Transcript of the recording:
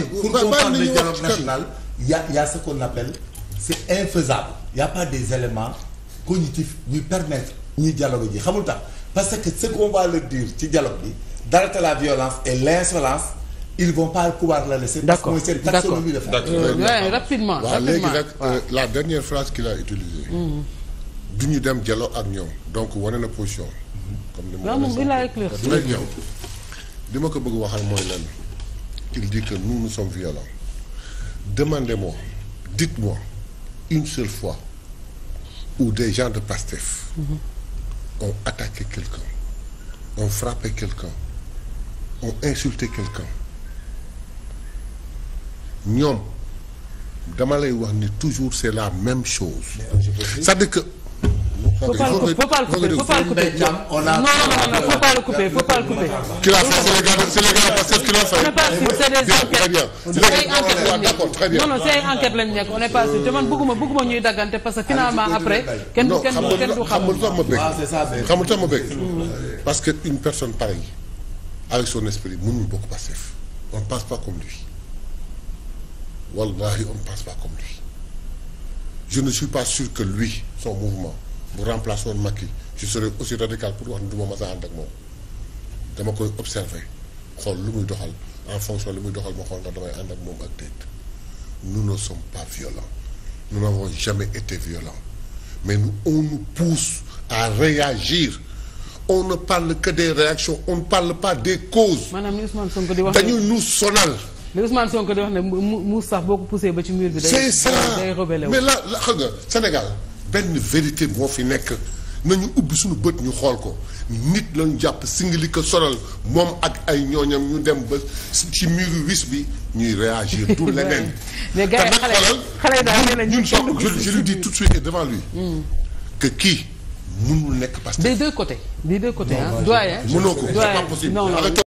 pour qu'on parle de dialogue national il y a il a ce qu'on appelle c'est infaisable il y a pas des éléments cognitifs yuy permettre ñuy dialogue ji xamul tax parce que ce qu'on va leur ci dialogue bi d'arrêter la violence et l'insolence ils vont pas pouvoir la laisser. d'accord d'accord euh, ouais, rapidement waaw léegi la dernière phrase qu'il a utilisée. Mhm. du ñu dem jalo ak ñëw donc wane na position. comme ni ma ko li ma ko bëgg waxal mooy lenn. il dit que nous, nous sommes violents. Demandez-moi, dites-moi, une seule fois, où des gens de PASTEF mm -hmm. quelqu'un, ont frappé quelqu'un, ont insulté quelqu'un. ñoom dama lay wax ni toujours c'est la même chose. c'est-à-dire que. faut pas le couper faut pas le couper faut pas le couper. très bien d'accord très bien. non non c'est enquête lañ nekk on est te man bëgguma bëgguma ñuy daggante parce que finalement après. kenn kenn du xam nga tax ma ah, ma bëgg. Mm. parce que une personne pareille avec son esprit mënul bokk Pastef on passe pas comme lui wallahi on passe pas comme lui je ne suis pas sûr que lui son mouvement bu remplacer woon Macky je serais aussi radical pour wax ne du ma masa ànd ak moom dama koy observer. xool lu muy doxal en fonction lu muy doxal ma xool nga damay ànd ak moom ak déet nous ne sommes pas violents nous n'avons jamais été violents mais nous on nous pousse à réagir on ne parle que des réactions on ne parle pas des causes. maanaam li Ousmane Sonko di wax dañu ñu sonal. li Ousmane di wax ne muus sax boo ko poussé ba ci mur bi. day day rebelle mais là xam Sénégal benn vérité moo fi nekk. nañu ubbi suñu bët ñu xool ko nit lañu jàpp singili ko sonal moom ak ay ñooñam ñu dem ba ci muru wis bi ñuy réagir tout leneen te nag xoolal ñun sox je lui dis tout de suite et devant lui hmm. que kii mënul nekk Pastef des deux côtés des deux côtés ah doyen mënoo ko c'est